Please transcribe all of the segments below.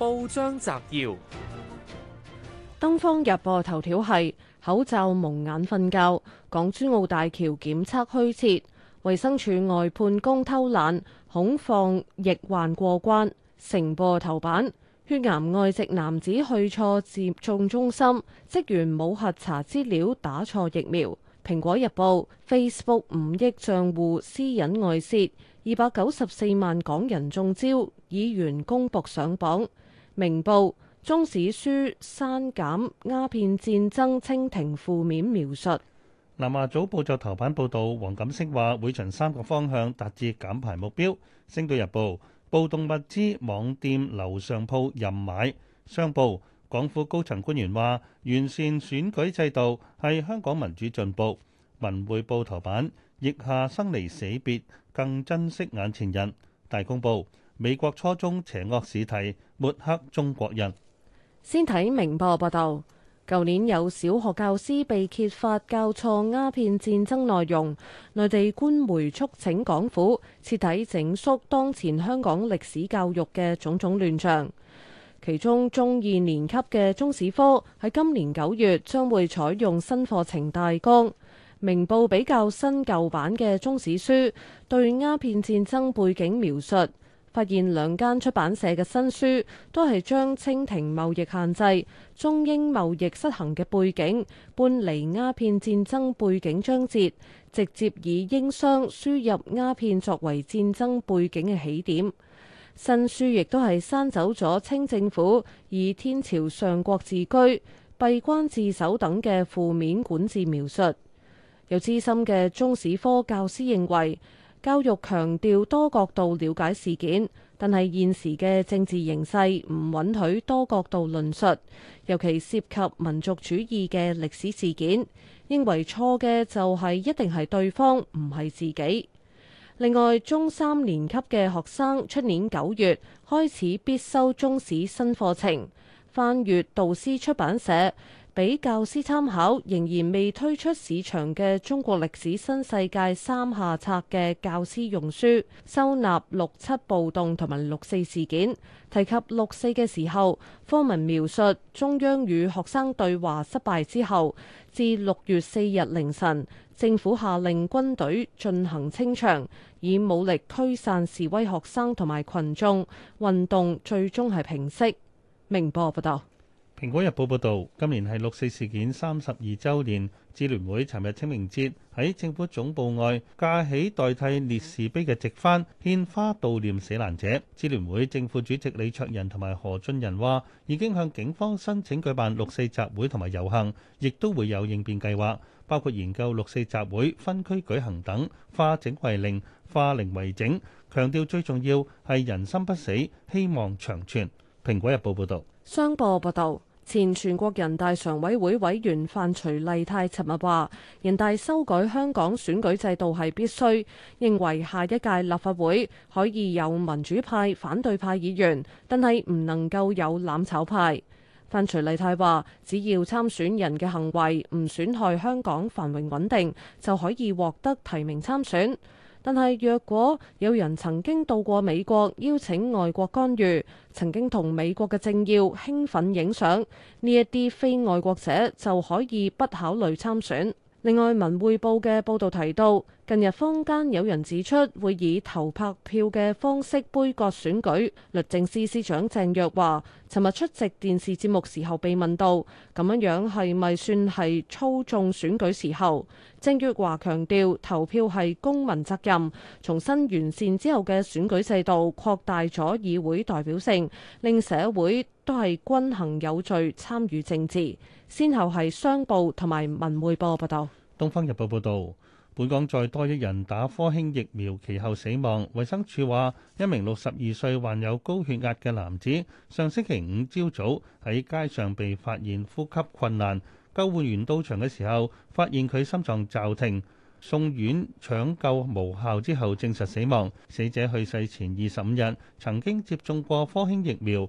報章摘要：《東方日報》頭條係口罩蒙眼瞓覺，《港珠澳大橋檢測虛設》，衛生署外判工偷懶，恐放疫患過關，成報頭版。血癌外籍男子去錯接種中心，職員冇核查資料，打錯疫苗。《蘋果日報》Facebook 五億賬戶私隱外洩，二百九十四萬港人中招，議員工博上榜。明報，中史書刪減鴉片戰爭清廷負面描述。南華早報，作頭版報導，黃錦星話會循三個方向達至減排目標。星島日報，報動物資網店樓上鋪任買。商報，港府高層官員話完善選舉制度係香港民主進步。文匯報頭版，疫下生離死別，更珍惜眼前人。大公報，美國初中邪惡史題。抹黑中國人，先睇明報報道。舊年有小學教師被揭發教錯鴉片戰爭內容，內地官媒促請港府徹底整肅當前香港歷史教育嘅種種亂象。其中中二年級嘅中史科喺今年九月將會採用新課程大綱，明報比較新舊版嘅中史書對鴉片戰爭背景描述。發現兩間出版社嘅新書都係將清廷貿易限制、中英貿易失衡嘅背景搬離鴉片戰爭背景章節，直接以英商輸入鴉片作為戰爭背景嘅起點。新書亦都係刪走咗清政府以天朝上國自居、閉關自守等嘅負面管治描述。有資深嘅中史科教師認為，教育強調多角度了解事件，但係現時嘅政治形勢唔允許多角度論述，尤其涉及民族主義嘅歷史事件。認為錯嘅就係一定係對方，唔係自己。另外，中三年級嘅學生出年九月開始必修中史新課程，翻閱導師出版社。俾教師參考，仍然未推出市場嘅《中國歷史新世界三下冊》嘅教師用書，收納六七暴動同埋六四事件。提及六四嘅時候，課文描述中央與學生對話失敗之後，至六月四日凌晨，政府下令軍隊進行清場，以武力驅散示威學生同埋群眾，運動最終係平息。明報報道。《蘋果日報》報導，今年係六四事件三十二週年，支聯會尋日清明節喺政府總部外架起代替烈士碑嘅直幡，獻花悼念死難者。支聯會正副主席李卓人同埋何俊仁話：已經向警方申請舉辦六四集會同埋遊行，亦都會有應變計劃，包括研究六四集會分區舉行等，化整為零，化零為整。強調最重要係人心不死，希望長存。《蘋果日報》報導。商報報導。前全國人大常委會委員范徐麗泰尋日話，人大修改香港選舉制度係必須，認為下一屆立法會可以有民主派、反對派議員，但係唔能夠有攬炒派。范徐麗泰話，只要參選人嘅行為唔損害香港繁榮穩定，就可以獲得提名參選。但係，若果有人曾經到過美國，邀請外國干預，曾經同美國嘅政要興奮影相，呢一啲非外國者就可以不考慮參選。另外，《文匯報》嘅報道提到，近日坊間有人指出會以投拍票嘅方式杯葛選舉。律政司司長鄭若驊尋日出席電視節目時候被問到，咁樣樣係咪算係操縱選舉時候？鄭若驊強調，投票係公民責任，重新完善之後嘅選舉制度擴大咗議會代表性，令社會。都係均衡有序參與政治。先後係商報同埋文匯報報導，《東方日報》報道，本港再多一人打科興疫苗，其後死亡。衛生署話，一名六十二歲患有高血壓嘅男子，上星期五朝早喺街上被發現呼吸困難，救護員到場嘅時候發現佢心臟驟停，送院搶救無效之後，證實死亡。死者去世前二十五日曾經接種過科興疫苗。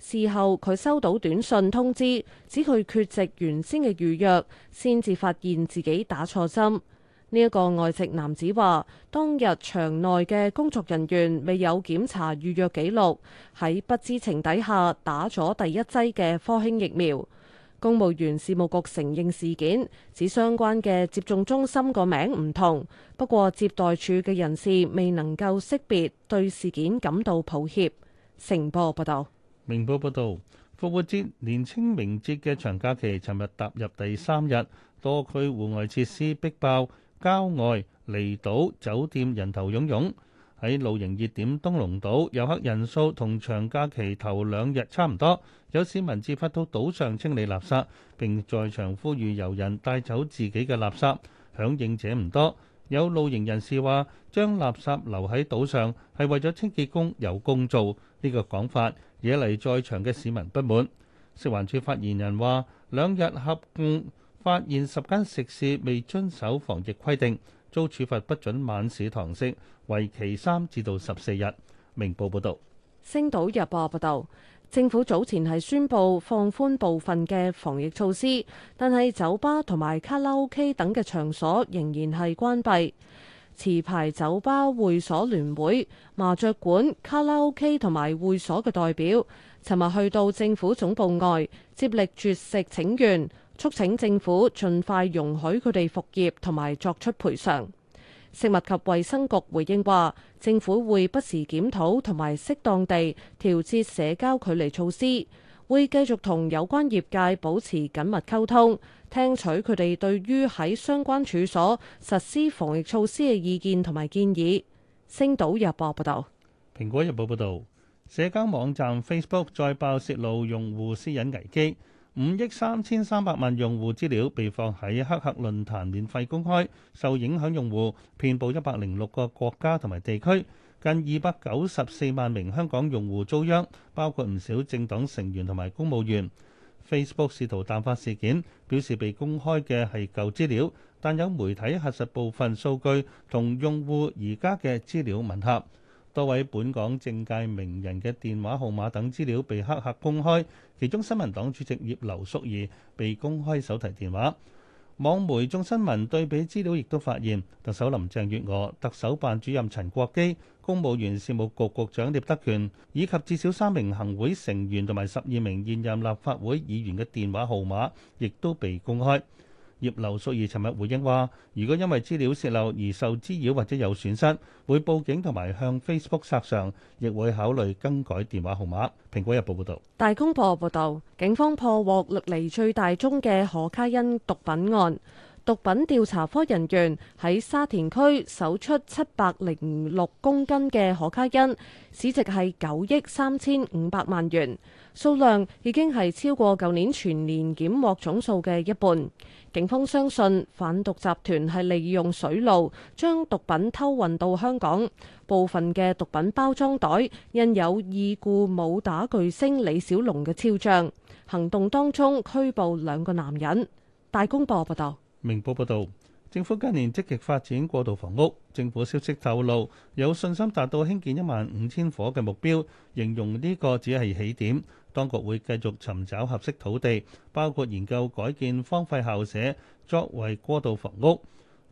事後佢收到短信通知，指佢缺席原先嘅預約，先至發現自己打錯針。呢、這、一個外籍男子話，當日場內嘅工作人員未有檢查預約記錄，喺不知情底下打咗第一劑嘅科興疫苗。公務員事務局承認事件，指相關嘅接種中心個名唔同，不過接待處嘅人士未能夠識別，對事件感到抱歉。成報報道。明報報道：復活節連清明節嘅長假期，尋日踏入第三日，多區戶外設施逼爆，郊外離島，離島酒店人頭湧湧。喺露營熱點東龍島，遊客人數同長假期頭兩日差唔多。有市民自發到島上清理垃圾，並在場呼籲遊人帶走自己嘅垃圾，響應者唔多。有露營人士話：將垃圾留喺島上係為咗清潔工有工做，呢個講法。惹嚟在場嘅市民不滿。食環署發言人話：兩日合共發現十間食肆未遵守防疫規定，遭處罰不准晚市堂食，為期三至到十四日。明報報導。星島日報報道，政府早前係宣布放寬部分嘅防疫措施，但係酒吧同埋卡拉 OK 等嘅場所仍然係關閉。持牌酒吧、會所聯會、麻雀館、卡拉 OK 同埋會所嘅代表，尋日去到政府總部外接力絕食請願，促請政府盡快容許佢哋復業同埋作出賠償。食物及衛生局回應話，政府會不時檢討同埋適當地調節社交距離措施。會繼續同有關業界保持緊密溝通，聽取佢哋對於喺相關處所實施防疫措施嘅意見同埋建議。星島日報報道：「蘋果日報報道，社交網站 Facebook 再爆泄露用戶私隱危機，五億三千三百萬用戶資料被放喺黑客論壇免費公開，受影響用戶遍佈一百零六個國家同埋地區。近二百九十四萬名香港用戶遭殃，包括唔少政黨成員同埋公務員。Facebook 試圖淡化事件，表示被公開嘅係舊資料，但有媒體核實部分數據同用戶而家嘅資料吻合。多位本港政界名人嘅電話號碼等資料被黑客公開，其中新民黨主席葉劉淑儀被公開手提電話。網媒眾新聞對比資料，亦都發現特首林鄭月娥、特首辦主任陳國基、公務員事務局局長聶德權，以及至少三名行會成員同埋十二名現任立法會議員嘅電話號碼，亦都被公開。葉劉淑儀尋日回應話，如果因為資料洩漏而受滋擾或者有損失，會報警同埋向 Facebook 索償，亦會考慮更改電話號碼。蘋果日報報道。大公報報道，警方破獲歷嚟最大宗嘅可卡因毒品案。毒品調查科人員喺沙田區搜出七百零六公斤嘅可卡因，市值係九億三千五百萬元，數量已經係超過舊年全年檢獲總數嘅一半。警方相信販毒集團係利用水路將毒品偷運到香港。部分嘅毒品包裝袋印有已故武打巨星李小龍嘅肖像。行動當中拘捕兩個男人。大公報報道。明報報導，政府近年積極發展過渡房屋。政府消息透露，有信心達到興建一萬五千伙嘅目標，形容呢個只係起點。當局會繼續尋找合適土地，包括研究改建荒廢校舍作為過渡房屋。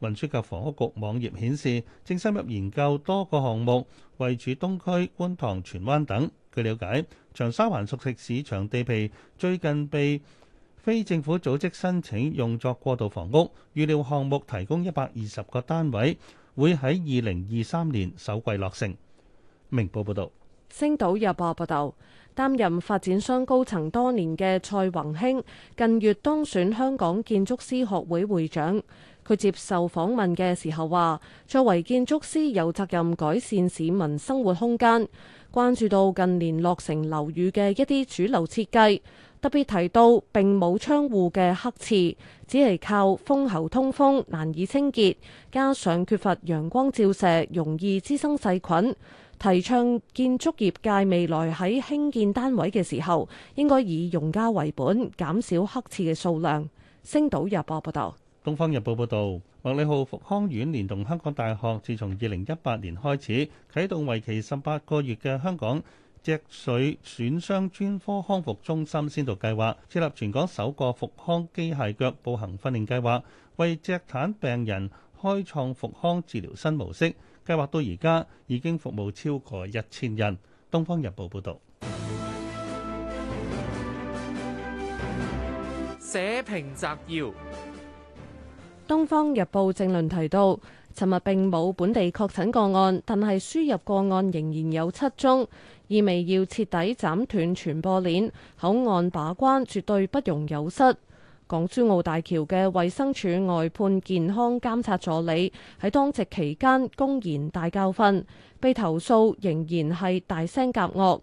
運輸及房屋局網頁顯示，正深入研究多個項目，位處東區、觀塘、荃灣等。據瞭解，長沙灣熟食市場地皮最近被非政府組織申請用作過渡房屋，預料項目提供一百二十個單位，會喺二零二三年首季落成。明報報道。星島日報報道，擔任發展商高層多年嘅蔡宏興，近月當選香港建築師學會會長。佢接受訪問嘅時候話，作為建築師，有責任改善市民生活空間，關注到近年落成樓宇嘅一啲主流設計。特別提到並冇窗戶嘅黑廁，只係靠風喉通風，難以清潔，加上缺乏陽光照射，容易滋生細菌。提倡建築業界未來喺興建單位嘅時候，應該以用家為本，減少黑廁嘅數量。星島日報報道。《東方日報》報道，麥理浩復康院連同香港大學，自從二零一八年開始啟動，為期十八個月嘅香港脊髓損傷專科康復中心先導計劃設立全港首個復康機械腳步行訓練計劃，為脊癱病人開創復康治療新模式。計劃到而家已經服務超過一千人。《東方日報》報道。社評摘要，《東方日報》正論提到。尋日並冇本地確診個案，但係輸入個案仍然有七宗，意味要徹底斬斷傳播鏈，口岸把關絕對不容有失。港珠澳大橋嘅衛生署外判健康監察助理喺當值期間公然大教訓，被投訴仍然係大聲夾惡。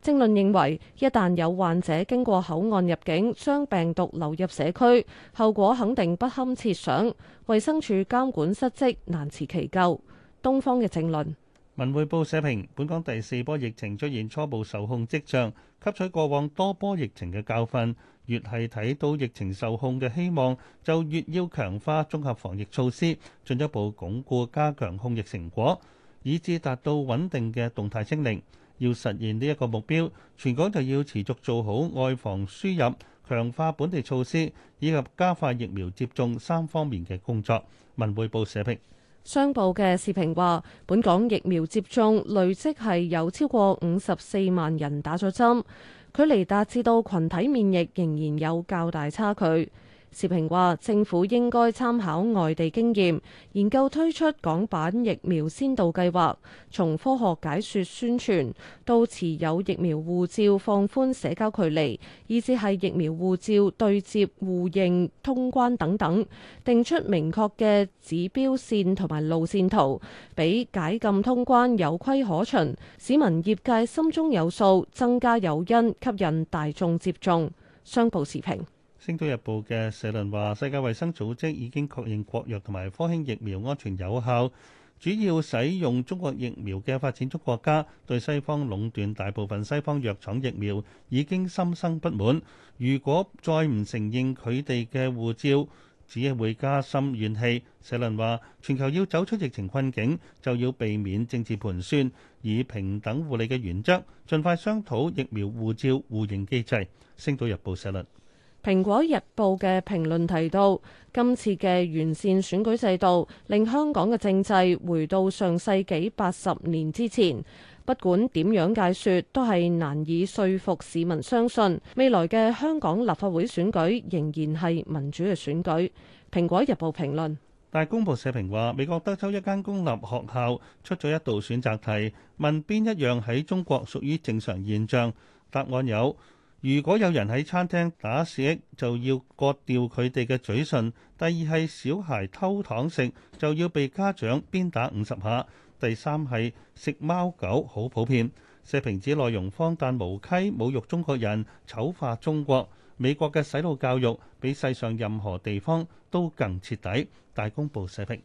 政論認為，一旦有患者經過口岸入境，將病毒流入社區，後果肯定不堪設想。衛生署監管失職，難辭其咎。東方嘅政論。文匯報社評：本港第四波疫情出現初步受控跡象，吸取過往多波疫情嘅教訓，越係睇到疫情受控嘅希望，就越要強化綜合防疫措施，進一步鞏固加強控疫成果，以至達到穩定嘅動態清零。要實現呢一個目標，全港就要持續做好外防輸入、強化本地措施以及加快疫苗接種三方面嘅工作。文匯報社評。商報嘅視頻話，本港疫苗接種累積係有超過五十四萬人打咗針，距離達至到群體免疫仍然有較大差距。時評話政府應該參考外地經驗，研究推出港版疫苗先導計劃，從科學解説宣傳到持有疫苗護照放寬社交距離，以至係疫苗護照對接互認通關等等，定出明確嘅指標線同埋路線圖，俾解禁通關有規可循，市民業界心中有數，增加誘因吸引大眾接種。商報時評。《星島日報》嘅社論話：世界衛生組織已經確認國藥同埋科興疫苗安全有效。主要使用中國疫苗嘅發展中國家對西方壟斷大部分西方藥廠疫苗已經心生不滿。如果再唔承認佢哋嘅護照，只係會加深怨氣。社論話：全球要走出疫情困境，就要避免政治盤算，以平等互利嘅原則盡快商討疫苗護照互認機制。《星島日報》社論。《蘋果日報》嘅評論提到，今次嘅完善選舉制度，令香港嘅政制回到上世紀八十年之前。不管點樣解説，都係難以說服市民相信未來嘅香港立法會選舉仍然係民主嘅選舉。《蘋果日報》評論。大公報社評話，美國德州一間公立學校出咗一道選擇題，問邊一樣喺中國屬於正常現象？答案有。如果有人喺餐廳打石，就要割掉佢哋嘅嘴唇。第二係小孩偷糖食，就要被家長鞭打五十下。第三係食貓狗，好普遍。社評指內容荒誕無稽，侮辱中國人，醜化中國。美國嘅洗腦教育比世上任何地方都更徹底。大公報社評。